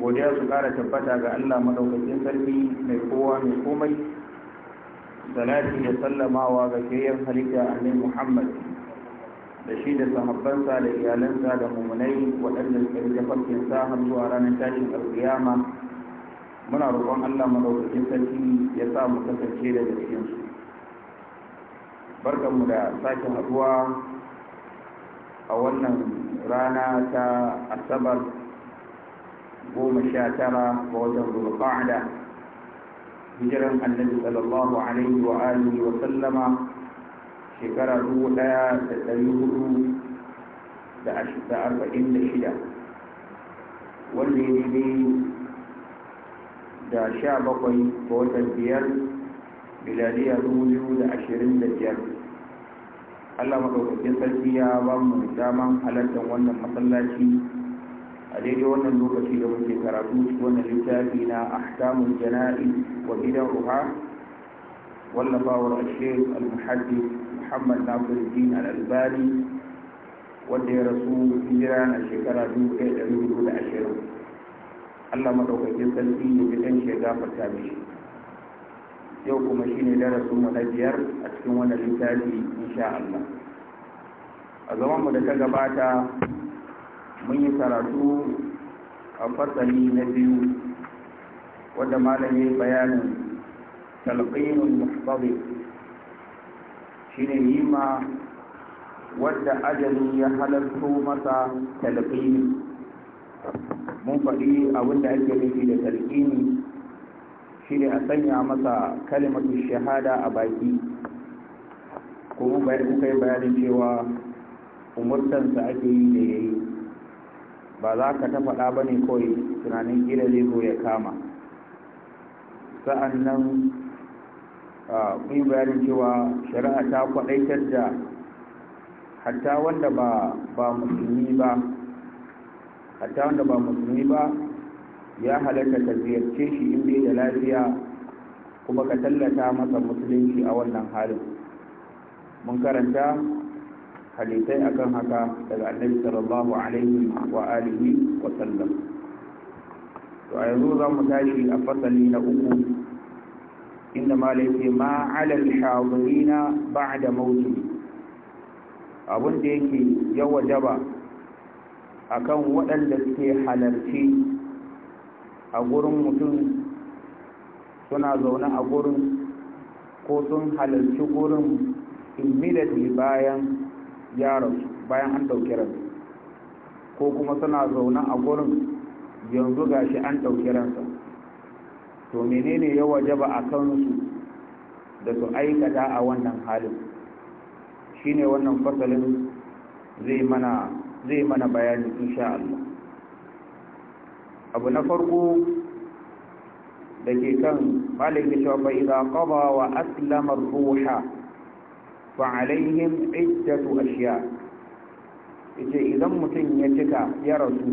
godiya su kara tabbata ga Allah madaukakin sarki mai kowa mai komai salati da sallamawa ga kayan halitta annabi Muhammad da shi da sahabbansa da iyalansa da mumunai waɗanda suka yi tafarkin sa har zuwa ranar tashin alƙiyama muna roƙon Allah madaukakin sarki ya sa mu kasance da cikin su barkanmu da sake haɗuwa a wannan rana ta asabar goma sha tara ga watan da. hijiran annabi sallallahu alaihi wa alihi wa sallama shekara dubu ɗaya da ɗari hudu da arba'in da shida wanda ya daidai da sha bakwai ga watan biyar miladiya dubu biyu da ashirin da biyar allah maɗaukakin sarki ya ba mu daman halartar wannan masallaci a daidai wannan lokaci da muke karatu wannan littafi na ahkamul jana'i wa bid'uha wallafawar al al muhaddi muhammad nasiruddin al-albani wanda ya rasu hijira na shekara ashirin. Allah madaukakin sarki ya ji kan shiga fata mishi yau kuma shine darasin mu na biyar a cikin wannan littafi insha Allah a zaman mu da ta gabata mun yi karatu a fasali na biyu wadda malami bayanin talqinul muhtadi shine yi ma wadda ajali ya halarto masa talqini mun faɗi abin da ake nufi da talqini shine a sanya masa kalimatu shahada a baki kuma bayan kai bayanin cewa umurtansa ake yi da yayi ba za ka ta faɗa ba ne kawai tunanin gina zai ya kama Sa'annan, nan kun bayanin cewa shari'a ta kwaɗaitar da hatta wanda ba ba musulmi ba hatta wanda ba musulmi ba ya halatta ta ziyarce shi in bai da lafiya kuma ka tallata masa musulunci a wannan halin mun karanta hadisai akan haka daga annabi sallallahu alaihi wa alihi wa sallam to a yanzu za mu tashi a fasali na uku inda malai ma alal hadirina ba'da mauti abun da yake ya wajaba akan waɗanda suke halarci a gurin mutum suna zaune a gurin ko sun halarci gurin immediately bayan Yaron, bayan an ɗauki ransa ko kuma suna zaune a gurin yanzu gashi an ɗauki ransa to menene ya wajaba a kansu da su aikata a wannan halin shine wannan fasalin zai mana zai mana bayani insha Allah abu na farko da ke kan malik da shafa idza qada wa aslama ruha fa'alaihim a shiya ita idan mutum ya cika ya rasu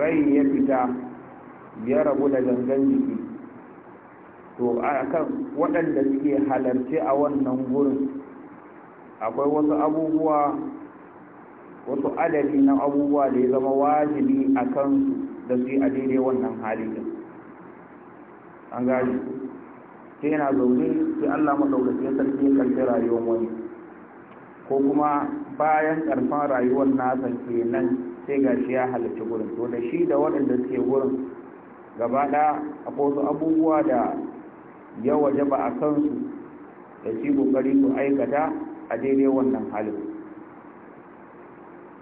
rai ya fita ya rabu da gangan jiki to a kan waɗanda suke halarci a wannan gurin akwai wasu abubuwa wasu adadi na abubuwa da ya zama wajibi a kansu da su yi a daidai wannan halin an gani sai yana zaune sai Allah ya sarki ya karfi rayuwar wani ko kuma bayan karfan rayuwar nasa kenan sai gashi ya halarci gurin to da shi da waɗanda suke gurin gaba ɗaya akwai wasu abubuwa da ya waje ba a kansu da shi kokari su aikata a daidai wannan halin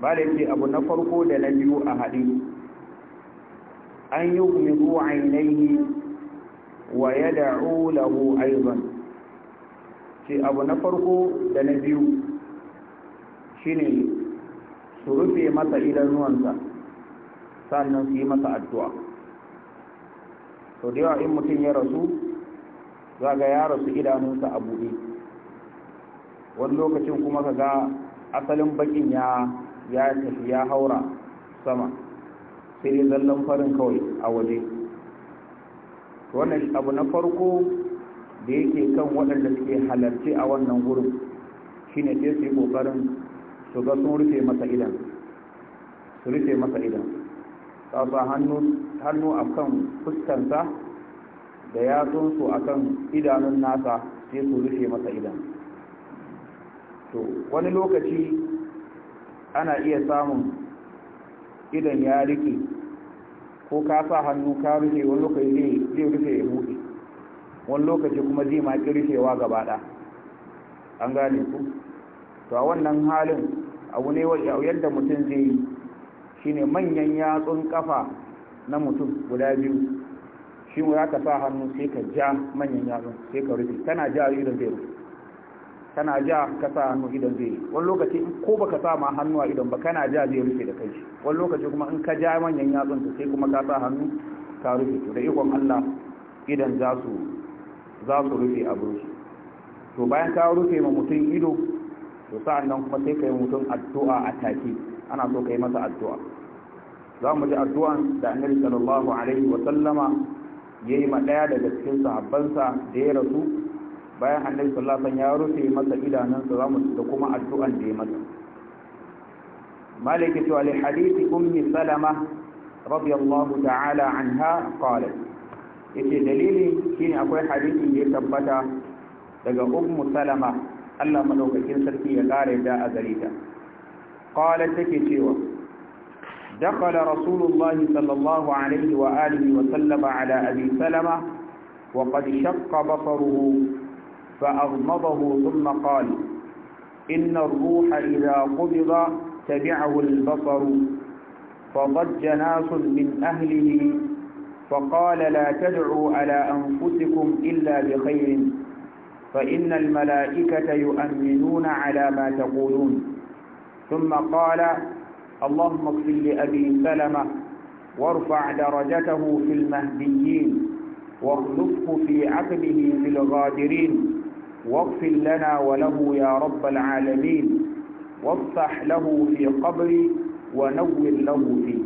ba da ce abu na farko da na biyu a haɗi. an yi kuma zuwa ainihi wa ya lahu aizan ce abu na farko da na biyu shine su rufe masa idanuwansa sannan su yi masa addu'a sau yawa in mutum ya rasu za ga ya rasu idanunsa a buɗe wani lokacin kuma ka ga asalin bakin ya ya tafi ya haura sama sai dai zallan farin kawai a waje wannan abu na farko da yake kan waɗanda suke halarci a wannan wurin shine sai su yi ƙoƙarin su ga sun rufe masa idan su rufe masa idan tsasa hannu a kan fuskansa da yatsunsu a kan idanun nasa sai su rufe masa idan to wani lokaci ana iya samun idan ya rike ko ka sa hannu ka rufe wani lokaci zai rufe ya buɗe wani lokaci kuma zai maki rufewa gaba ɗa an gane ku to a wannan halin abu ne yadda mutum zai yi shine manyan yatsun kafa na mutum guda biyu shi mu za ka sa hannu sai ka ja manyan yatsun sai ka rufe kana ja irin zai rufe kana ja ka sa hannu idan zai wani lokaci ko baka sa ma hannu a idan ba kana ja zai rufe da kai wani lokaci kuma in ka ja manyan yatsun ta sai kuma ka sa hannu ka rufe to da ikon Allah idan za su za su rufe abu to bayan ka rufe ma mutum ido to sa'an nan kuma sai ka yi mutum addu'a a take ana so ka yi masa addu'a za mu ji addu'an da annabi sallallahu alaihi wa sallama yayi ma daya daga cikin sahabbansa da ya rasu bayan annabi sallallahu alaihi ya rufe masa idanunsa mu da kuma addu'an da ya masa malaka cewa li hadisi ummi salama radiyallahu ta'ala anha qalat yace dalili shine akwai hadisi da ya tabbata daga ummu salama Allah madaukakin sarki ya kare da a gare ta qalat take cewa دخل رسول الله صلى الله عليه وآله وسلم على أبي سلمة وقد شق بصره فأغمضه ثم قال إن الروح إذا قبض تبعه البصر فضج ناس من أهله فقال لا تدعوا على أنفسكم إلا بخير فإن الملائكة يؤمنون على ما تقولون ثم قال اللهم اغفر لأبي سلمة وارفع درجته في المهديين واخلفه في عقبه في الغادرين واغفر لنا وله يا رب العالمين وافتح له في قبري ونور له فيه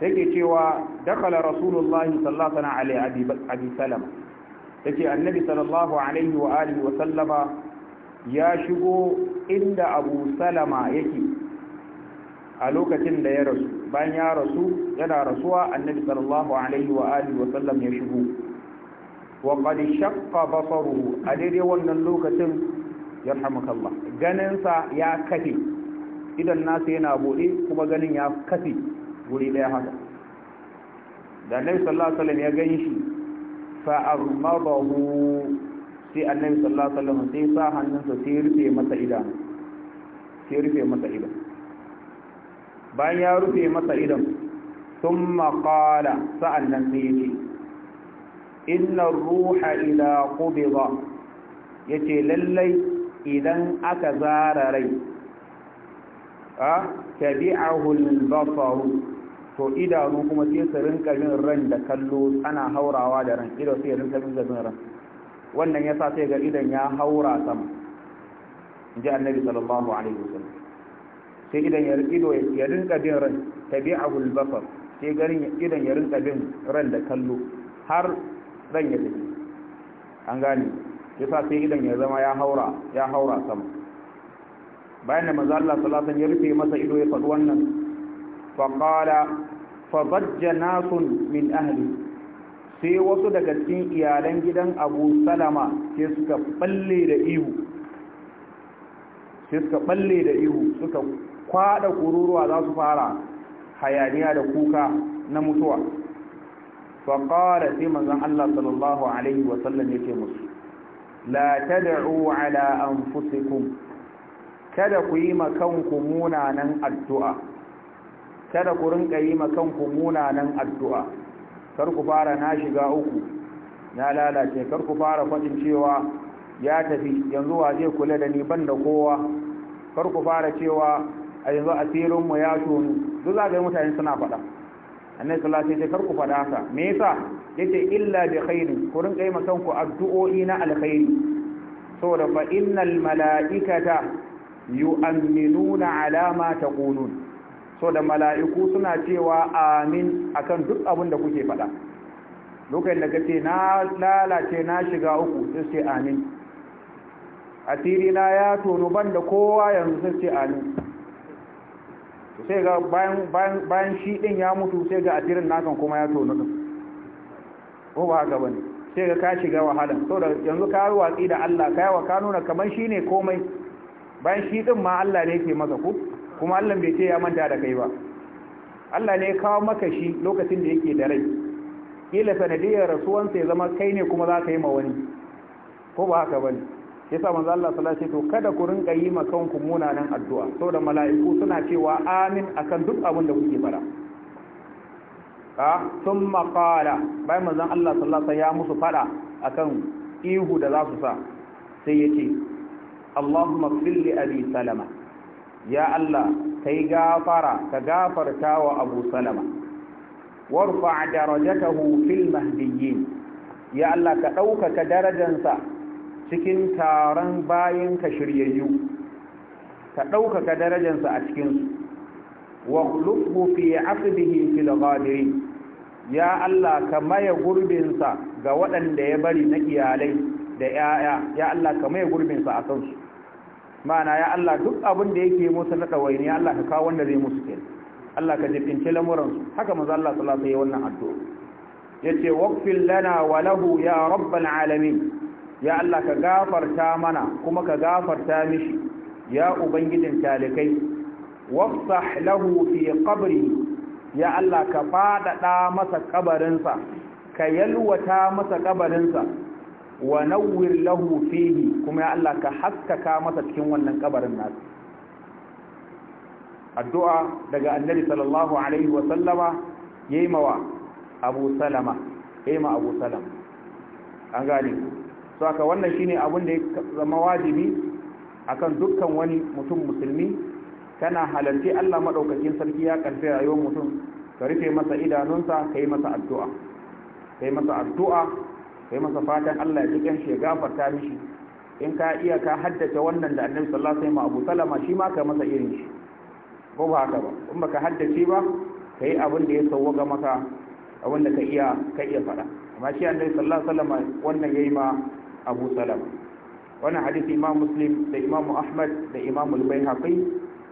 take cewa dakala rasulullahi sallallahu alaihi abi salama take annabi sallallahu alaihi wa ya shigo inda abu salama yake a lokacin da ya rasu bayan ya rasu yana rasuwa annabi sallallahu alaihi wa alihi wa sallam ya shigo wa qad shaqqa basaruhu a daidai wannan lokacin yarhamukallah ganin Ganinsa ya kafe idan nasa yana buɗe, kuma ganin ya kafe guri ɗaya haka da annabi sallallahu alaihi wasallam ya gani shi fa armadahu sai annabi sallallahu alaihi wasallam sai sa hannunsa sai rufe masa idan sai rufe masa idan bayan ya rufe masa idan thumma qala sa'annan sai yace inna ruha ila qubida yace lallai idan aka zara rai a tabi'ahu al-basar to idanu kuma sai su rinka bin ran da kallo ana haurawa da ran ido sai rinka bin zabin ran wannan yasa sai ga idan ya haura sama inji annabi sallallahu alaihi wasallam sai idan ya ido ya rinka bin ran tabi'ahu al-basar sai garin idan ya rinka bin ran da kallo har dan ya tafi an gane sa sai idan ya zama ya haura ya haura sama bayan da manzo Allah sallallahu alaihi wasallam ya rufe masa ido ya faɗi wannan fa qala fa bajja nasun min ahli sai wasu daga cikin iyalan gidan Abu Salama sai suka balle da ihu sai suka balle da ihu suka kwada kururuwa za su fara hayaniya da kuka na mutuwa faƙara sai manzon Allah sallallahu alaihi wasallam yake musu la tad'u ala anfusikum kada ku yi makanku munanan addu'a kada ku rinka yi makanku munanan addu'a kar ku fara na shiga uku na lalace kar ku fara faɗin cewa ya tafi yanzu wa zai kula da ni ban da kowa kar ku fara cewa a yanzu asirinmu ya tonu duk za ga mutane suna faɗa annabi sallallahu alaihi wasallam kar ku faɗa haka me yasa yace illa bi khairin ku rinka yi ku addu'o'i na alkhairi saboda fa innal mala'ikata yu'minuna ala ma taqulun saboda mala'iku suna cewa amin akan duk abin da kuke faɗa lokacin da kace na lalace na shiga uku sai ce amin asiri na ya tono banda kowa yanzu sai ce amin sai ga bayan shi ɗin ya mutu sai ga asirin nakan kuma ya tonu ko ba haka bane sai ga ka shiga wahala so da yanzu ka yi watsi da Allah ka yawa ka nuna kamar shi ne komai bayan shi ɗin ma Allah ne ke maka ku kuma Allah bai ce ya manta da kai ba Allah ne ya kawo maka shi lokacin da yake da rai kila sanadiyar rasuwansa ya zama kai ne kuma za ka yi ma wani ko ba haka bane yasa manzo Allah sallallahu alaihi wasallam kada ku rinka yi ma kanku munanan addu'a saboda mala'iku suna cewa amin akan duk abin da kuke fara ka thumma qala bayan manzo Allah sallallahu alaihi wasallam ya musu fada akan ihu da za su sa sai yace Allahumma ighfir li abi salama ya Allah kai gafara ka gafarta wa abu salama warfa darajatahu fil mahdiyyin ya Allah ka ɗaukaka darajansa cikin taron bayan ka shiryayyu ka ɗaukaka darajarsa a cikinsu wa lufu fi asbihi fil ghadirin ya Allah ka maye gurbinsa ga waɗanda ya bari na iyalai da ‘ya'ya, ya Allah ka maye gurbinsa a kansu. Mana ya Allah duk abin da yake musu na ɗawaini, ya Allah ka kawo wanda zai musu ke. Allah ka jibinci lamuransu, haka maza Allah salasa yi wannan addu'o. Ya ce, Wakfin lana wa lahu ya rabban alamin, ya Allah ka gafarta mana kuma ka gafarta mishi ya ubangijin talikai wafsah lahu fi qabri ya Allah ka fadada masa kabarinsa ka yalwata masa kabarinsa wa nawwir lahu fihi kuma ya Allah ka haskaka masa cikin wannan kabarin nasa addu'a daga annabi sallallahu alaihi wa sallama yayi mawa abu salama yayi ma abu salama an to haka wannan shine abin da ya zama wajibi akan dukkan wani mutum musulmi kana halarci Allah madaukakin sarki ya karfi rayuwar mutum ka rufe masa idanunsa ka yi masa addu'a ka yi masa addu'a ka yi masa fatan Allah ya ji shi ya gafarta mishi in ka iya ka haddace wannan da annabi sallallahu alaihi wasallam Abu Salama shi ma ka masa irin shi ko ba haka ba in baka haddace ba ka yi abin da ya sauwaka maka abin da ka iya ka iya faɗa amma shi annabi sallallahu alaihi wasallam wannan yayi ma abu salam wannan hadisi imam muslim da imam ahmad da imam al-baihaqi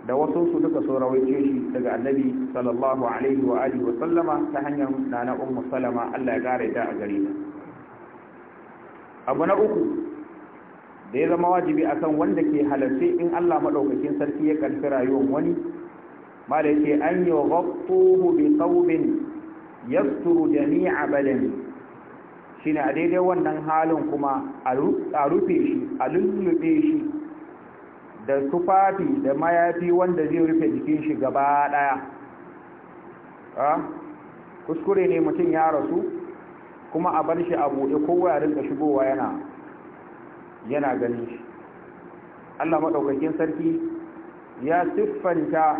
da wasu su duka so shi daga annabi sallallahu alaihi wa alihi wa sallama ta hanyar nana Umar salama Allah ya gare ta a gare ta abu na uku da ya zama wajibi akan wanda ke halarce in Allah maɗaukakin sarki ya karfi rayuwar wani ma da yake an yi ghabtuhu bi qawbin yasturu jami'a badani shine a daidai wannan halin kuma a rufe shi a lullube shi da tufafi da mayafi wanda zai rufe jikin shi gaba daya kuskure ne mutum ya rasu kuma a bar shi a buɗe kowa ya rinka shigowa yana yana ganin shi Allah maɗaukakin sarki ya siffanta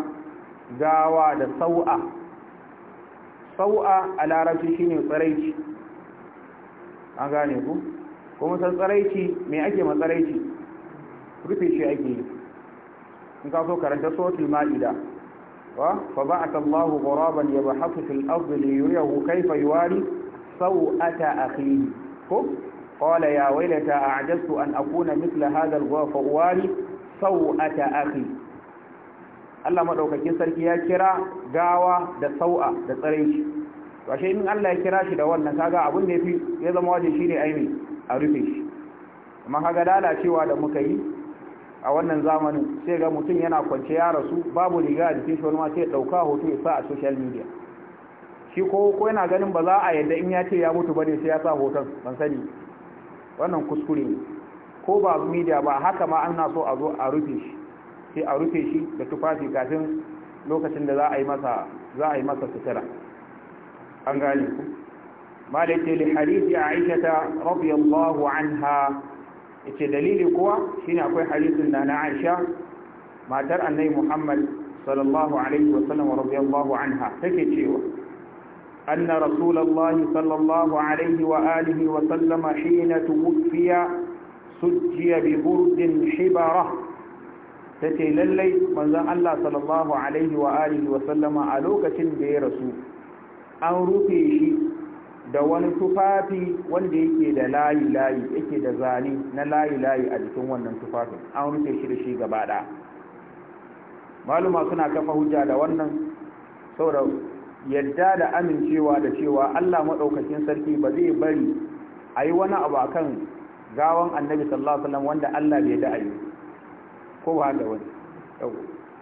gawa da sau'a sau'a a larabci shine tsiraici an gane ku kuma san tsaraici me ake matsaraici rufe shi ake yi in ka so karanta suratul ma'ida wa fa ba'atha Allahu ghuraban yabhathu fil ardi wari yuriyahu kayfa yuwari sawata akhihi ko قال يا ويلتى أعجزت أن أكون مثل هذا الغرف أواري سوءة أخي Allah maɗaukakin sarki ya kira gawa da sau'a da tsaraici. washe in Allah ya kira shi da wannan kaga abin da yafi ya zama waje shine aini a rufe shi amma kaga lalacewa da muka yi a wannan zamanin sai ga mutum yana kwance ya rasu babu riga a jikin shi wani ma dauka hoto ya sa a social media shi ko ko yana ganin ba za a yadda in ya ce ya mutu bane sai ya sa hoton ban sani wannan kuskure ne ko ba media ba haka ma ana so a zo a rufe shi sai a rufe shi da tufafi kafin lokacin da za a yi masa za a yi masa sutura an gane ku malik li hadisi aisha radiyallahu anha yace dalili kuwa shine akwai hadisin da na aisha matar annabi muhammad sallallahu alaihi wa sallam radiyallahu anha take cewa anna rasulullahi sallallahu alaihi wa alihi wa sallam hina tuwfiya sujjiya bi burdin hibara tace lallai manzon Allah sallallahu alaihi wa alihi wa sallama a lokacin da ya rasu an rufe shi da wani tufafi wanda yake da layi-layi yake da zane na layi-layi a jikin wannan tufafin an rufe shi da shi gaba ɗaya maluma suna kafa hujja da wannan saboda yadda da amincewa da cewa Allah maɗaukakin sarki ba zai bari a yi wani abu akan gawan annabi sallallahu alaihi wasallam wanda Allah bai da yi ko ba da wani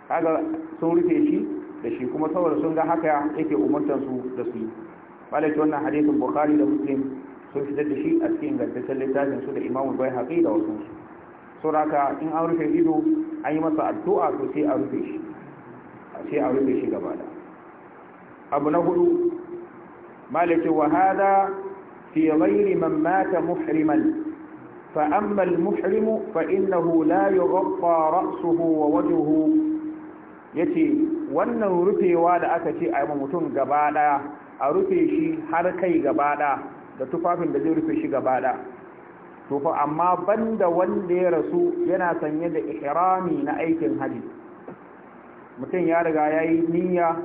kaga sun rufe shi da shi kuma saboda sun ga haka yake umartar su da su malaki wannan hadisin bukhari da muslim sun fitar da shi a cikin ingantaccen littafin su da imamu bai haƙi da wasu sauraka in an rufe ido an yi masa addu'a to sai a rufe shi sai a rufe shi gaba da abu na hudu malaki wa hada fi ghairi man mata muhriman fa amma al muhrimu fa innahu la yughaffa ra'suhu wa wajhuhu yace wannan rufewa da aka ce a yi mutum gaba daya a rufe shi har kai gaba da tufafin da zai rufe shi gaba daya to fa amma banda wanda ya rasu yana sanye da ihrami na aikin haji mutum ya riga ya yi niyya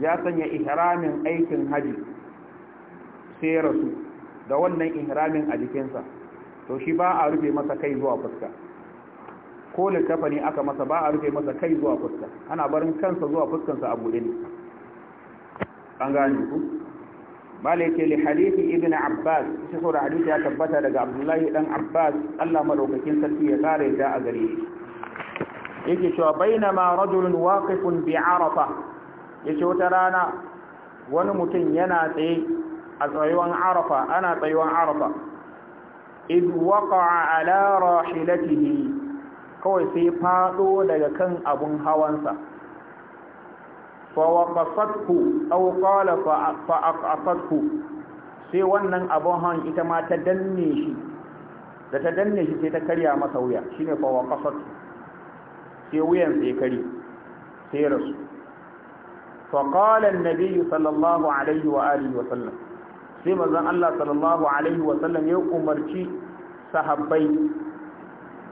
ya sanya ihramin aikin haji sai rasu da wannan ihramin a jikinsa to shi ba a rufe masa kai zuwa fuska ko littafa ne aka masa ba a rufe masa kai zuwa fuska ana barin kansa zuwa fuskansa a buɗe ne an gane ku bala yake li hadithi ibn abbas shi saboda ya tabbata daga abdullahi dan abbas allah madaukakin sarki ya kare da a gare shi yake cewa bainama rajulun waqifun bi arafa yace wata rana wani mutum yana tsaye a tsayuwan arafa ana tsayuwan arafa iz waqa'a ala rahilatihi kawai sai faɗo daga kan abun hawansa fawaƙafatku au ƙala fa'aƙafatku sai wannan abun hawan ita ma ta danne shi da ta danne shi sai ta karya masa wuya shi ne fawaƙafatku sai wuyan sai kari sai rasu faƙalan nabi sallallahu alaihi wa alihi wa sallam sai mazan Allah sallallahu alaihi wa sallam ya umarci sahabbai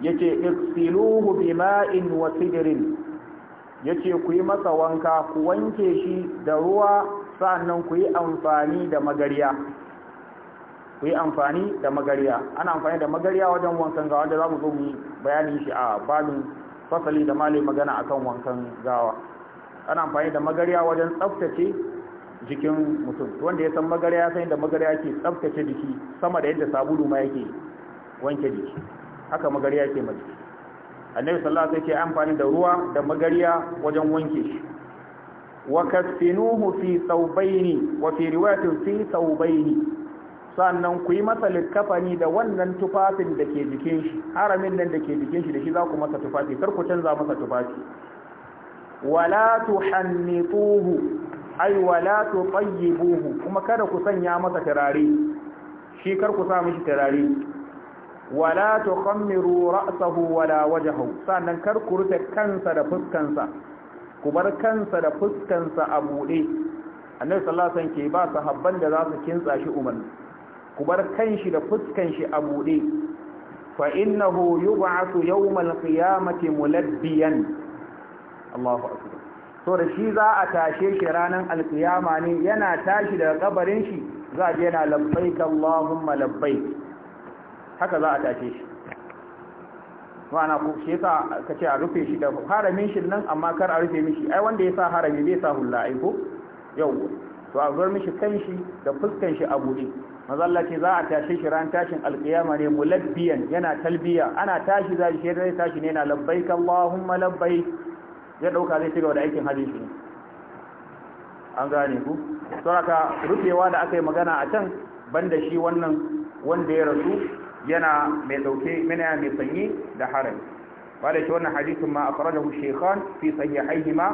yace iksiluhu bima'in wa sidrin yace ku yi masa wanka ku wanke shi da ruwa sannan ku yi amfani da magariya ku yi amfani da magariya ana amfani da magariya wajen wankan gawa da zamu zo mu yi bayanin shi a babin fasali da malai magana akan wankan gawa ana amfani da magariya wajen tsaftace jikin mutum wanda ya san magariya sai da magariya ke tsaftace jiki sama da yadda sabulu ma yake wanke jiki haka magariya ke mace annabi sallallahu alaihi wasallam amfani da ruwa da magariya wajen wanke shi wa kafinuhu fi thawbaini wa fi riwayatin fi thawbaini sannan ku yi masa likafani da wannan tufafin da ke jikin shi haramin nan da ke jikin shi da shi za ku masa tufafi kar ku canza masa tufafi wala tuhannituhu ay wala tutayyibuhu kuma kada ku sanya masa turare shi kar ku sa mishi turare wala tukhammiru ra'sahu wala wajhahu sannan kar ku rufe kansa da fuskansa ku bar kansa da fuskansa a bude annabi sallallahu alaihi wasallam ke ba sahabban da za su kintsa shi umarni ku bar kanshi da fuskanshi a bude fa innahu yub'athu yawmal qiyamati mulabbiyan Allahu akbar so da shi za a tashe shi ranar alkiyama ne yana tashi daga kabarin shi za a je na labbaik Allahumma labbaik haka za a tashe shi ma'ana ku shi yasa ka ce a rufe shi da haramin shi nan amma kar a rufe mishi ai wanda ya sa harami bai sa hulla ai ko yau to a bar mishi shi da fuskan shi a buɗe maza ce za a tashe shi ran tashin alƙiyama ne mulabbiyan yana talbiya ana tashi za shi zai tashi ne yana labbaik Allahumma labbaik ya dauka zai cigaba da aikin hajji shi an gane ku saboda rufewa da aka yi magana a can banda shi wannan wanda ya rasu yana mai dauke mana mai sanyi da harami wanda shi wannan hadisin ma akhrajahu shaykhan fi sahihayhima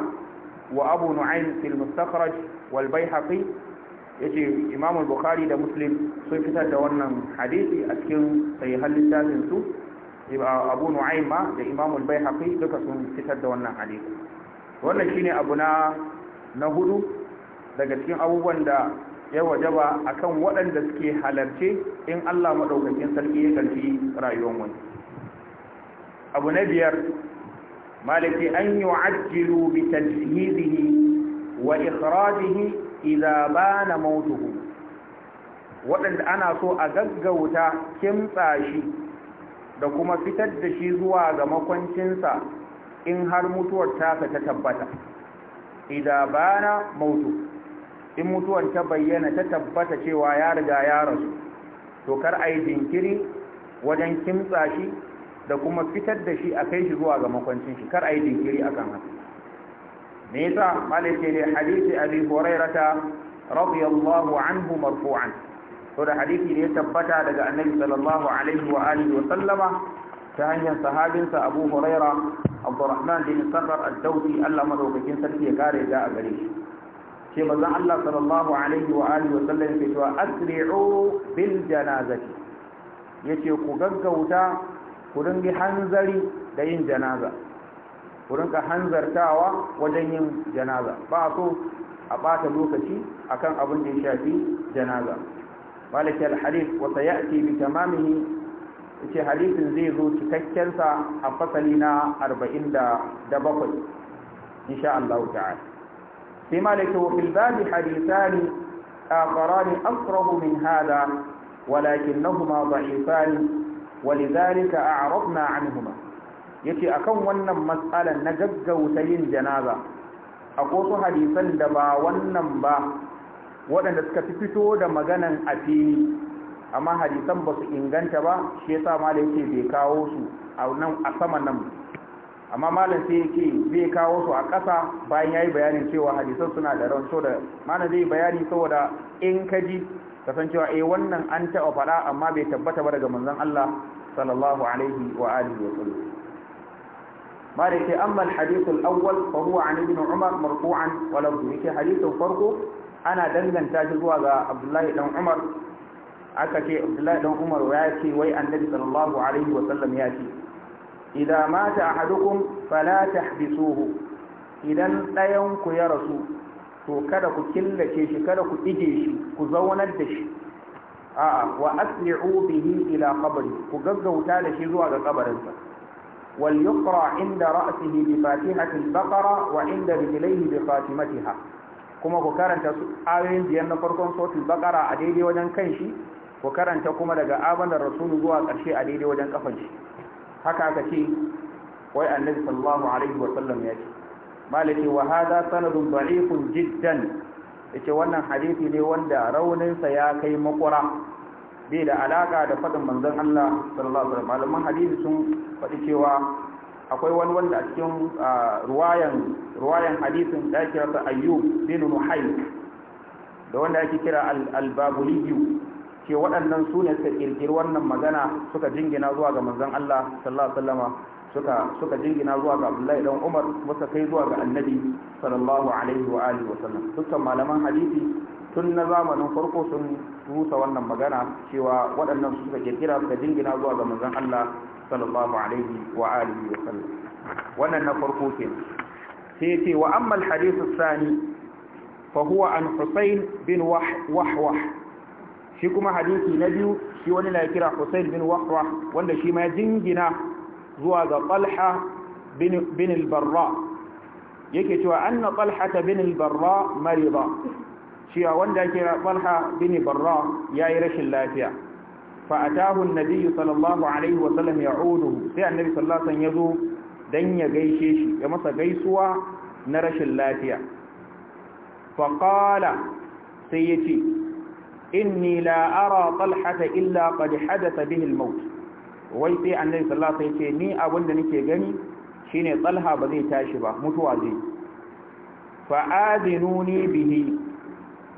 wa abu nu'aym fil mustakhraj wal bayhaqi yace imam al-bukhari da muslim sun fitar da wannan hadisi a cikin sahihan littafin su abu nu'aym ma da imamul bai bayhaqi duka sun fitar da wannan hadisi wannan shine abu na na hudu daga cikin abubuwan da ya wajaba akan waɗanda suke halarce in Allah maɗaukakin sarki ya karfi rayuwar wani abu na biyar malaki an yu'ajjilu bi tajhizihi wa ikhrajihi idza bana mautuhu waɗanda ana so a gaggauta kimtsa shi da kuma fitar da shi zuwa ga makwancinsa in har mutuwar tasa ta tabbata idza bana mautuhu in mutuwan ta bayyana ta tabbata cewa ya riga ya rasu to kar a yi jinkiri wajen kimtsa shi da kuma fitar da shi a kai shi zuwa ga makwancin shi kar a yi jinkiri akan haka me yasa malaka ne hadisi abi hurairata radiyallahu anhu marfu'an to da hadisi ne ya tabbata daga annabi sallallahu alaihi wa alihi wa sallama ta hanyar sahabinsa abu huraira abdurrahman bin safar ad-dawsi Allah madaukakin sarki ya kare da a gare shi sai manzon Allah sallallahu alaihi wa alihi wa sallam ke cewa asri'u bil janazati yace ku gaggauta ku dinga hanzari da yin janaza ku rinka hanzartawa wajen yin janaza ba so a bata lokaci akan abin da ya shafi janaza malaki al-hadith wa sayati bi tamamihi yace hadithin zai zo cikakken sa a fasali na 47 insha Allah ta'ala sai ma da ke wafil babi hadisani akharani asrahu min hada walakinnahuma da'ifani walidhalika a'radna anhuma yace akan wannan matsalan na gaggauta yin janaza akwai su hadisan da ba wannan ba waɗanda suka fi fito da maganan a fili amma hadisan ba su inganta ba shi yasa ma da yake bai kawo su a a sama nan amma malam sai yake zai kawo su a ƙasa bayan yayi bayanin cewa hadisan suna da rawan da malam zai bayani saboda in ka ji kasancewa eh wannan an taɓa faɗa amma bai tabbata ba daga manzon Allah sallallahu alaihi wa alihi wa sallam mare ke amma alhadith alawwal fa huwa an ibn umar marfu'an wa lahu yake hadithin farko ana danganta shi zuwa ga abdullahi dan umar aka ce abdullahi dan umar ya ce wai annabi sallallahu alaihi wa sallam ya ce idan mata ahadukum fala tahbisuhu idan ɗayan ku ya rasu to kada ku killace shi kada ku ɗige shi ku zaunar da shi a'a wa asli'u bihi ila kabari ku gaggauta da shi zuwa ga kabarinsa wal inda ra'asihi bi fatihatin bakara wa inda rigilaihi bi khatimatiha kuma ku karanta ayoyin biyan na farkon suratul bakara a daidai wajen kan shi ku karanta kuma daga abanar rasulu zuwa ƙarshe a daidai wajen kafan shi haka aka ce wai annabi sallallahu alaihi wa sallam ya ce malaki wa hadha sanadun da'ifun jiddan yace wannan hadisi ne wanda rauninsa ya kai makura bai da alaka da fadin manzon Allah sallallahu alaihi wa sallam hadisi sun faɗi cewa akwai wani wanda a cikin ruwayan ruwayan hadisin da ake rasa ayyub bin nuhayl da wanda ake kira al-babuliyu ce waɗannan su ne suka ƙirƙiri wannan magana suka jingina zuwa ga manzon Allah sallallahu alaihi wasallama suka suka jingina zuwa ga Abdullahi dan Umar suka kai zuwa ga Annabi sallallahu alaihi wa alihi wasallam dukkan malaman hadisi tun na zamanin farko sun rusa wannan magana cewa waɗannan su suka ƙirƙira suka jingina zuwa ga manzon Allah sallallahu alaihi wa alihi wasallam wannan na farko ke sai ce wa amma al-hadith as-sani fa huwa an Husayn bin Wahwah shi kuma hadisi na biyu shi wani na kira Hussein bin Waqra wanda shi ma jingina zuwa ga Talha bin al-Barra yake cewa anna Talha bin al-Barra marida shi wanda kira Talha bin Barra yayi rashin lafiya fa atahu an-nabi sallallahu alaihi wa sallam ya'uduhu sai annabi sallallahu alaihi yazo dan ya gaishe shi ya masa gaisuwa na rashin lafiya fa qala sai yace inni la ara talhata illa qad hadatha bihi al-maut wai sai annabi sallallahu alaihi wasallam ce ni abin da nake gani shine talha ba zai tashi ba mutuwa zai fa adinuni bihi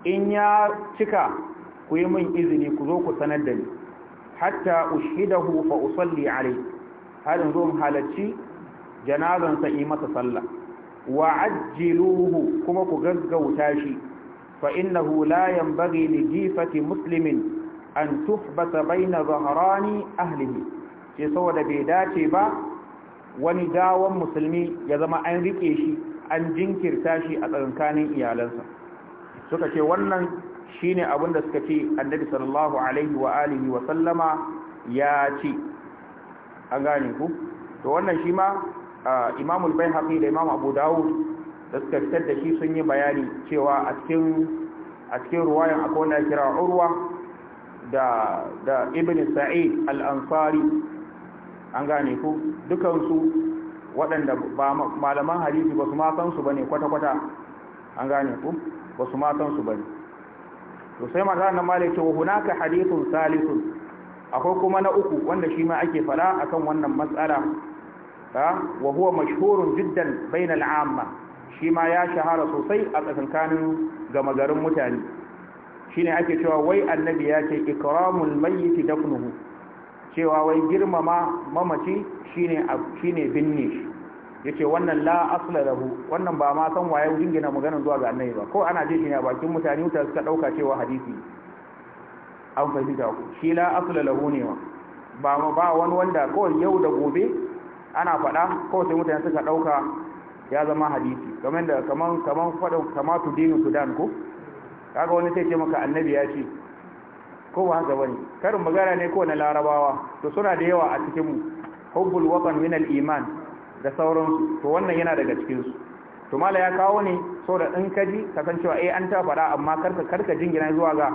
in ya cika ku yi min izini ku zo ku sanar da ni hatta ushidahu fa usalli alayhi har in zo mu halarci janazan sa yi masa sallah wa ajjiluhu kuma ku gaggauta shi فإنه لا ينبغي لجيفة مسلم أن تحبس بين ظهران أهله شي سودا بيداتي با وني داو مسلمي يا زما ان ريكي شي ان جينكرتا شي ا تسانكانين iyalansا suka ce wannan shine abin da suka ce annabi sallallahu alaihi wa alihi wa sallama ya ci an gane ku to wannan shi ma imamul bayhaqi da imam abu daud da da shi sun yi bayani cewa a cikin a cikin ruwayan akwai na kira urwa da da ibn sa'id al-ansari an gane ku dukansu waɗanda ba malaman hadisi ba su ma san su bane kwata-kwata an gane ku ba su ma san su bane to sai ma nan malai wa hunaka hadithun salisun akwai kuma na uku wanda shi ma ake fara akan wannan matsala wa huwa mashhurun jiddan bainal amma shi ma ya shahara sosai a tsakankanin gama garin mutane shine ake cewa wai annabi ya ce ikramul mayyit dafnuhu cewa wai girmama mamaci shi ne binne shi yace wannan la asla lahu wannan ba ma san waye jingina magana zuwa ga annabi ba ko ana jin shi ne a bakin mutane mutane suka dauka cewa hadisi an fahimta ku shi la asla lahu ne ba ba wani wanda kawai yau da gobe ana faɗa kawai sai mutane suka dauka ya zama hadisi kamar da kaman faɗin kamatu dinu sudan ko kaga wani sai ce maka annabi ya ce ko ba haka bane karin magana ne ko na larabawa to suna da yawa a cikin mu hubbul watan min al iman da sauransu to wannan yana daga cikin su to mala ya kawo ne saboda in ka ji ka san cewa eh an ta faɗa amma karka karka jingina zuwa ga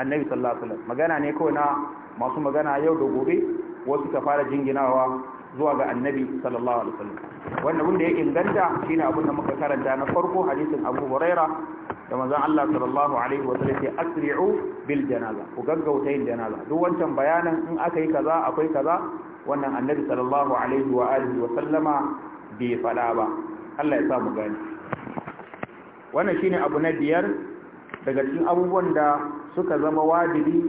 annabi sallallahu alaihi wasallam magana ne ko na masu magana yau da gobe wasu ka fara jinginawa zuwa ga annabi sallallahu alaihi wasallam wannan wanda ya inganta shine abin da muka karanta na farko hadisin Abu Huraira da manzon Allah sallallahu alaihi wasallam ya asri'u bil janaza ku gaggauta yin janaza duk wancan bayanan in aka yi kaza akwai kaza wannan annabi sallallahu alaihi wa alihi wasallama bai fada ba Allah ya sa mu gani wannan shine abu na biyar daga cikin abubuwan da suka zama wajibi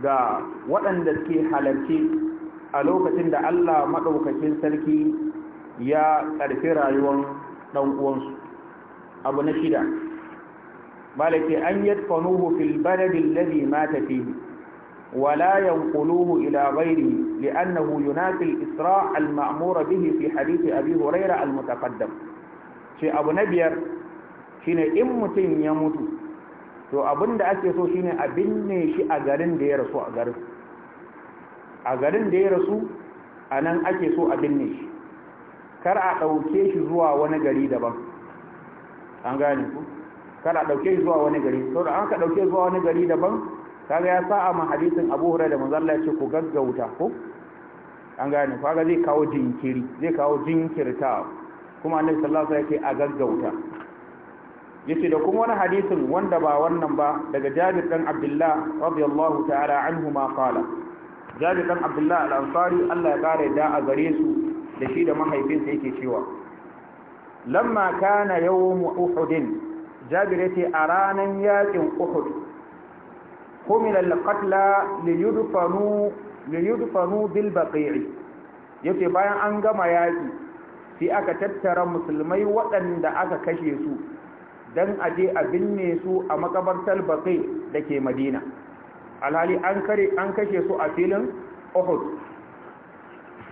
ga waɗanda suke halarci a lokacin da Allah maɗaukakin sarki ya ƙarfi rayuwar ɗan uwansu abu na shida malaki an fanuhu fil baladi alladhi mata fihi wa ila bairi li'annahu Yunafil, isra al-ma'mura bihi fi hadith abi hurayra al-mutaqaddam shi abu na biyar ne in mutum ya mutu to abinda ake so shine a binne shi a garin da ya rasu a garin a garin da ya rasu a nan ake so a binne shi kar a ɗauke shi zuwa wani gari daban an gane ku kar a ɗauke shi zuwa wani gari da an ka ɗauke zuwa wani gari daban kaga ya sa a ma hadisin abu hura da manzalla ya ce ku gaggauta ko an gane kaga zai kawo jinkiri zai kawo jinkirta kuma annabi sallallahu alaihi wasallam ya ce a gaggauta yace da kuma wani hadisin wanda ba wannan ba daga Jabir dan Abdullah radiyallahu ta'ala anhu ma qala jabir dan abdullah al Allah ya kare da a gare su da shi da mahaifinsa yake cewa lamma kana yawon uhud jabir ce a ranar yakin uhud humila al-qatla liyudfanu liyudfanu bil bayan an gama yaki sai aka tattara musulmai waɗanda aka kashe su dan aje a binne su a makabartar da dake madina alhali an kashe su a filin uhud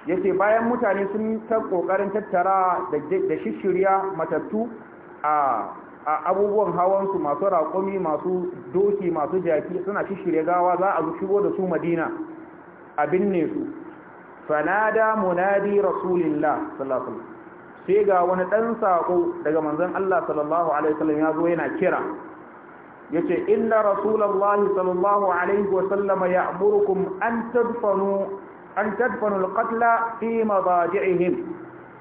ya ce bayan mutane sun ta ƙoƙarin tattara da shishirya matattu a abubuwan hawansu masu raƙumi masu doki masu jaki suna shishirya gawa za a shigo da su madina abin ne su fanada munadi rasulillah sallallahu alaihi sai ga wani ɗan sako daga manzon Allah sallallahu alaihi wasallam ya zo yana kira yace inna rasulullahi sallallahu alaihi wa sallam ya'murukum an tadfanu an tadfanu al fi madajihim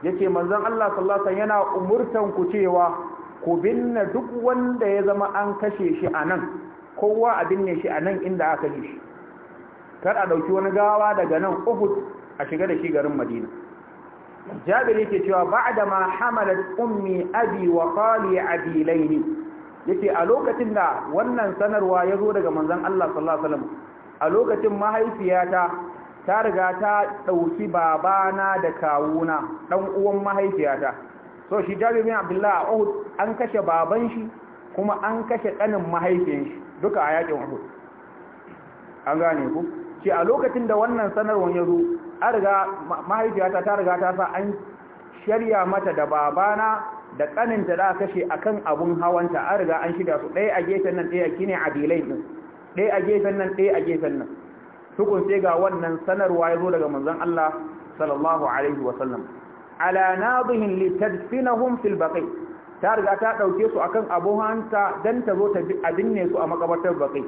yace manzon Allah sallallahu alaihi yana umurtan ku cewa ku binne duk wanda ya zama an kashe shi anan kowa a binne shi anan inda aka yi shi kar a dauki wani gawa daga nan Uhud a shiga da shi garin Madina Jabir yake cewa ba'da ma hamalat ummi abi wa qali yake a lokacin da wannan sanarwa ya zo daga manzon Allah sallallahu alaihi wasallam a lokacin mahaifiyata ta riga ta dauki babana da kawuna dan uwan mahaifiyata so shi Jabir bin Abdullah Uhud an kashe baban shi kuma an kashe kanin mahaifin shi duka a yakin Uhud an gane ku shi a lokacin da wannan sanarwa ya zo a riga mahaifiyata ta riga ta sa an shirya mata da babana da kaninta da kashe akan abun hawanta an riga an shirya su ɗaya a gefen nan ɗaya kine adilai din ɗaya a gefen nan ɗaya a gefen nan tukun sai ga wannan sanarwa ya zo daga manzon Allah sallallahu alaihi wa sallam ala nadihin litadfinahum fil baqi ta riga ta dauke su akan abun hanta dan ta zo ta binne su a makabartar baqi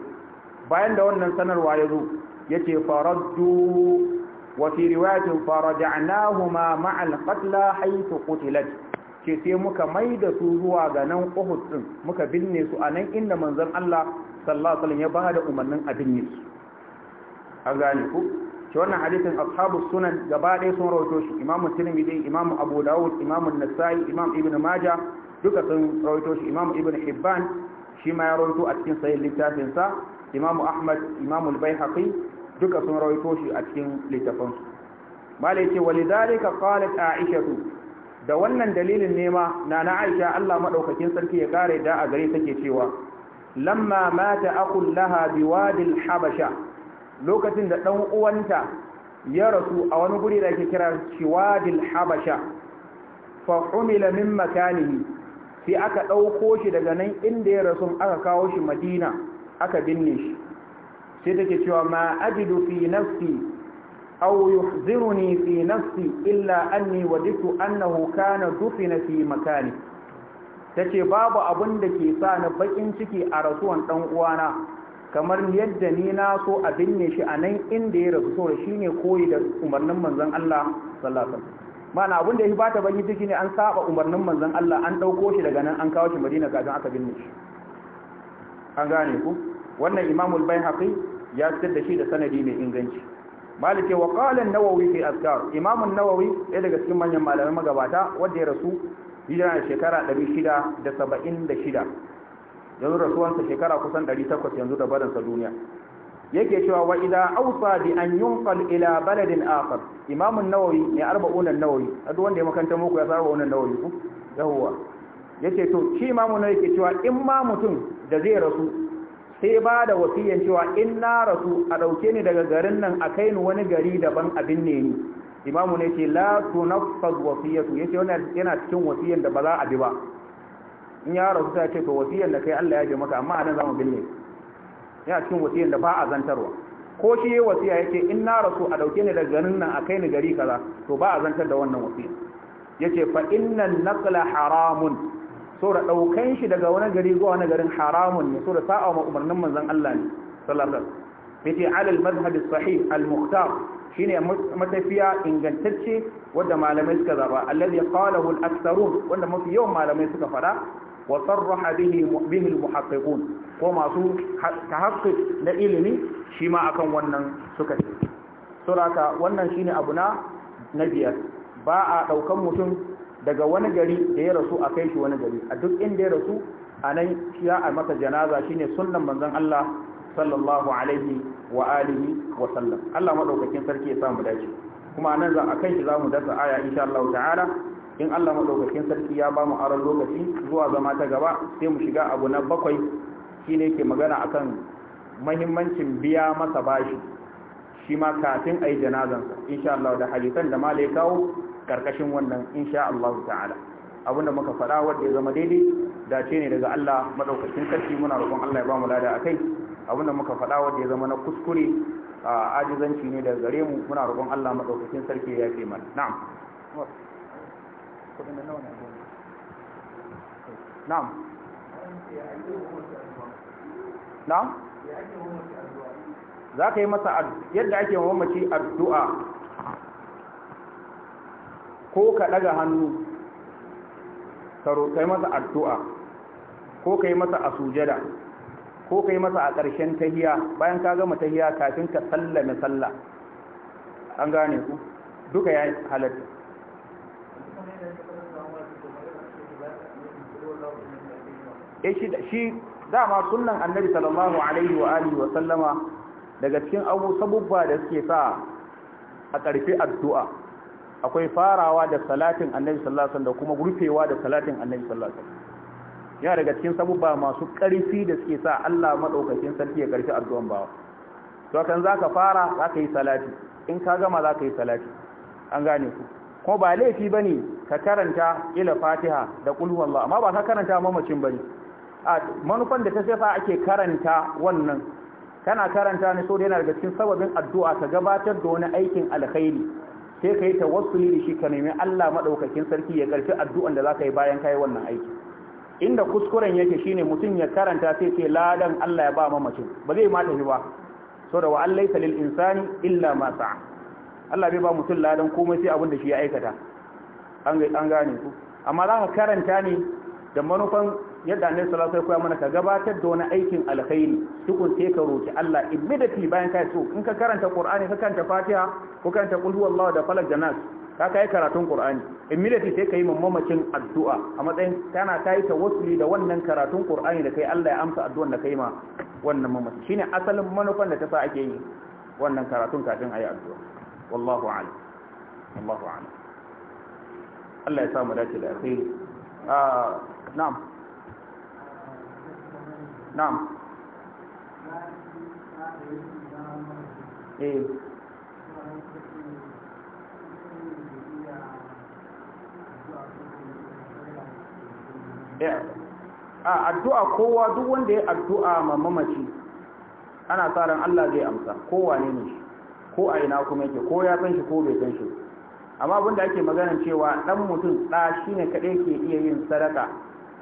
bayan da wannan sanarwa ya zo yace faraddu wa fi riwayatin farajnahuma ma'al qatla haythu qutilat ce sai muka mai da su zuwa ga nan uhud din muka binne su a nan inda manzon Allah sallallahu alaihi wasallam ya bada umarnin a binne su A gane ku ce wannan hadisin ashabu sunan gaba ɗaya sun rawaito shi imam tirmidhi imam abu dawud imam nasai imam ibn majah duka sun rawaito shi imam Ibn hibban shi ma ya rawaito a cikin sahih littafinsa, sa ahmad imam al-baihaqi duka sun rawaito shi a cikin littafin su malai ce walidhalika qalat aishatu da wannan dalilin nema na na aisha Allah maɗaukakin sarki ya ƙare da a gare take cewa lamma mata akun laha biwadil habasha lokacin da ɗan uwanta ya rasu a wani guri da ake kira shiwadil habasha fa umila min makanihi sai aka ɗauko shi daga nan inda ya rasu aka kawo shi madina aka binne shi sai take cewa ma ajidu fi nafsi أو يحذرني في نفسي إلا أني وددت أنه كان دفن في مكاني tace babu abin da ke sa ni bakin ciki a rasuwan dan uwana kamar yadda ni na so a binne shi a nan inda ya rasu shi ne koyi da umarnin manzon Allah sallallahu alaihi wasallam mana abin da ya bata bakin duki ne an saba umarnin manzon Allah an dauko shi daga nan an kawo shi Madina kafin aka binne shi an gane ku wannan Imamul Baihaqi ya fitar da shi da sanadi mai inganci malike wa qala an-nawawi fi azkar imam an-nawawi ɗaya daga cikin manyan malamai magabata wanda ya rasu hijira da shekara 676 yanzu rasuwansa shekara kusan 800 yanzu da barinsa duniya yake cewa wa idza awsa bi an yunqal ila baladin akhar imam an-nawawi ne arba'un an-nawawi duk wanda ya makanta muku ya sarwa wannan nawawi ku yawa yace to shi imam an-nawawi yake cewa in ma mutum da zai rasu sai ba da wasiyan cewa in na rasu a ɗauke ni daga garin nan a kai ni wani gari daban abin ne ni imamu ne ce la tunaffaz wasiyatu yace wannan yana cikin wasiyan da ba za a bi ba in ya rasu ta ce to wasiyan da kai Allah ya ji maka amma anan zamu binne yana cikin wasiyan da ba a zantarwa ko shi yayi wasiya yace in na rasu a ɗauke ni daga garin nan a kai ni gari kaza to ba a zantar da wannan Ya yace fa innan naqla haramun saboda daukan shi daga wani gari zuwa wani garin haramun ne saboda sa'a ma umarnin manzon Allah ne sallallahu alaihi wasallam yace alal madhhab as-sahih al-mukhtar shine matafiya ingantacce wanda malamai suka zaba alladhi qalahu al-aktharun wanda mafi yawan malamai suka fada wa sarraha bihi bihi al-muhaqqiqun ko masu tahaqqiq na ilimi shi ma akan wannan suka ce saboda wannan shine abu na na biyar ba a daukan mutum daga wani gari da ya rasu a kai shi wani gari a duk inda ya rasu a nan shi a masa janaza shine sunnan manzon Allah sallallahu alaihi wa alihi wa sallam Allah madaukakin sarki ya samu dace kuma nan za a kai shi mu dasa aya insha Allah ta'ala in Allah madaukakin sarki ya ba mu aron lokaci zuwa zama ta gaba sai mu shiga abu na bakwai shine ke magana akan muhimmancin biya masa bashi shi ma kafin yi janazansa insha Allah da hadisan da ya kawo karkashin wannan insha Allah ta'ala abinda muka faɗa wanda ya zama daidai dace ne daga Allah madaukakin sarki muna roƙon Allah ya ba mu lada akai abinda muka faɗa wanda ya zama na kuskure a ajizanci ne daga gare mu muna roƙon Allah madaukakin sarki ya yafe mana na'am na'am na'am za ka yi masa yadda ake mamaci addu'a ko ka ɗaga hannu ka yi masa addu'a ko ka yi masa a sujada ko ka yi masa a ƙarshen tahiya bayan ka gama tahiya kafin ka sallame salla an gane ku duka ya halatta eh, shi dama sunan annabi sallallahu alaihi wa alihi wa sallama daga cikin abu sabubba da suke sa a ƙarfi addu'a akwai farawa da salatin annabi sallallahu alaihi wasallam da kuma rufewa da salatin annabi sallallahu alaihi wasallam yana daga cikin sabubba masu ƙarfi da suke sa Allah madaukakin sarki ya karfi addu'an bawa to kan zaka fara zaka yi salati in ka gama zaka yi salati an gane ku ko ba laifi bane ka karanta ila fatiha da qul huwallahu amma ba ka karanta mamacin bane a manufan da ta sefa ake karanta wannan kana karanta ne so da yana daga cikin sababin addu'a ka gabatar da wani aikin alkhairi sai ka yi tawassuli da shi ka nemi Allah madaukakin sarki ya karfi addu'an da zaka yi bayan kai wannan aiki inda kuskuren yake shine mutum ya karanta sai ce ladan Allah ya ba mamacin ba zai ma tafi ba so da wa allaisa lil insani illa ma sa'a Allah bai ba mutum ladan komai sai abin da shi ya aikata an gane ku amma za ka karanta ne da manufan yadda annabi sallallahu alaihi wasallam mana ka gabatar da wani aikin alkhairi tukun sai ka roki Allah immediately bayan ka so in ka karanta Qur'ani ka karanta Fatiha ko karanta Qul huwallahu da Falaq da Nas ka kai karatun Qur'ani immediately sai ka yi mamamacin addu'a a matsayin kana kai tawassuli da wannan karatun Qur'ani da kai Allah ya amsa addu'an da kai ma wannan mamaci shine asalin manufan da ta sa ake yi wannan karatun kafin ayi addu'a wallahu a'lam wallahu a'lam Allah ya sa mu dace da alkhairi ah na'am na'am eh. eh a addu'a kowa duk wanda ya addu'a ma mamaci ana sa ran Allah zai amsa kowa ne ne ko a ina kuma yake ko ya san shi ko bai san shi amma abinda ake magana cewa dan mutum da shine kadai ke iya yin sadaka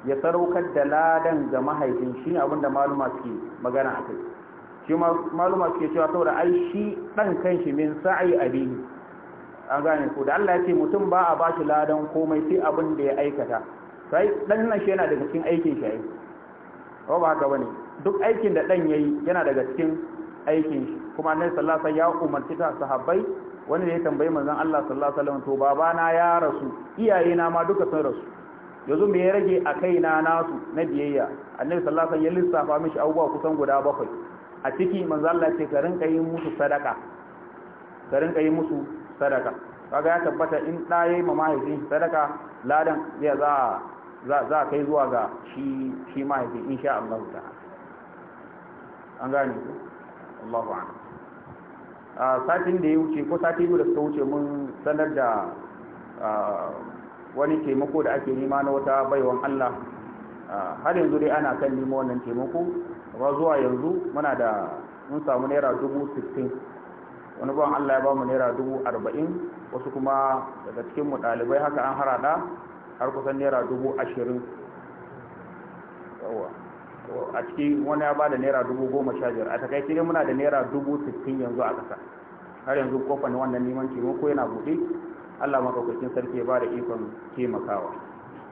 ya sadaukar da ladan ga mahaifin shi ne abinda maluma suke magana a kai shi maluma suke cewa saboda ai shi ɗan kanshi min sa'ai abini an gane ko da Allah ya ce mutum ba a ba shi ladan komai sai abin da ya aikata sai ɗan nan shi yana daga cikin aikin shi ba ba haka bane duk aikin da ɗan yayi yana daga cikin aikin shi kuma annabi sallallahu alaihi wasallam ya umarci ta sahabbai wani da ya tambayi manzon Allah sallallahu alaihi wasallam to babana ya rasu iyayena ma duka sun rasu yanzu me ya rage a kaina nasu na biyayya annabi sallallahu alaihi wasallam ya lissafa mishi abubuwa kusan guda bakwai a ciki manzo Allah ce ka rinka yin musu sadaka ka rinka yin musu sadaka kaga ya tabbata in da yayi ma mahaifin sadaka ladan ya za za za kai zuwa ga shi shi mahaifin insha Allah ta'ala an gane ku Allahu a'lam a satin da ya wuce ko satin da suka wuce mun sanar da wani taimako da ake nema na wata baiwan Allah har yanzu dai ana kan nemo wannan taimako ba zuwa yanzu muna da mun samu naira dubu sittin wani ban Allah ya ba mu naira dubu arba'in wasu kuma daga cikin mu ɗalibai haka an harada har kusan naira dubu ashirin a cikin wani ya ba da naira dubu goma sha biyar a takaice dai muna da naira dubu sittin yanzu a ƙasa har yanzu ne wannan neman taimako yana buɗe Allah madaukakin sarki ya bada ikon taimakawa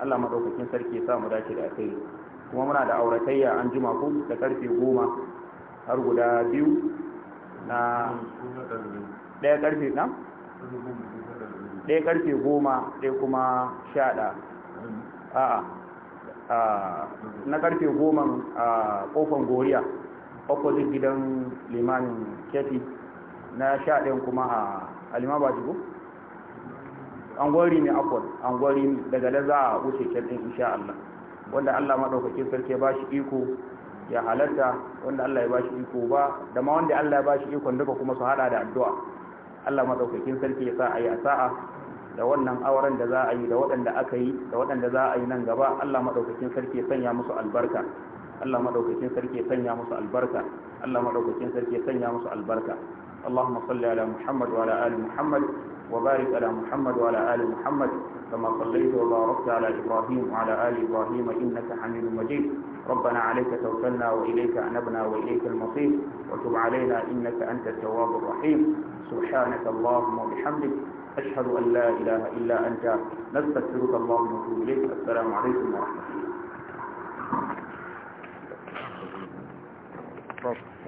Allah madaukakin sarki ya sa mu dace da kai kuma muna da auratayya an jima ku da karfe goma har guda biyu na ɗaya karfe na ɗaya karfe goma ɗaya kuma sha ɗa a na karfe goma a kofan goriya opposite gidan limanin kefi na sha ɗayan kuma a alimaba angwari ne akwai angwari ne daga da za a wuce kyalɗin insha Allah wanda Allah maɗaukakin sarki ba shi iko ya halatta wanda Allah ya ba shi iko ba da ma wanda Allah ya ba shi ikon duka kuma su haɗa da addu'a Allah maɗaukakin sarki ya sa a yi a sa'a da wannan auren da za a yi da waɗanda aka yi da waɗanda za a yi nan gaba Allah maɗaukakin sarki ya sanya musu albarka Allah maɗaukakin sarki ya sanya musu albarka Allah maɗaukakin sarki ya sanya musu albarka اللهم صل على محمد وعلى آل محمد وبارك على محمد وعلى آل محمد كما صليت وباركت على إبراهيم وعلى آل إبراهيم إنك حميد مجيد ربنا عليك توكلنا وإليك أنبنا وإليك المصير وتب علينا إنك أنت التواب الرحيم سبحانك اللهم وبحمدك أشهد أن لا إله إلا أنت نستغفرك اللهم ونتوب إليك السلام عليكم ورحمة الله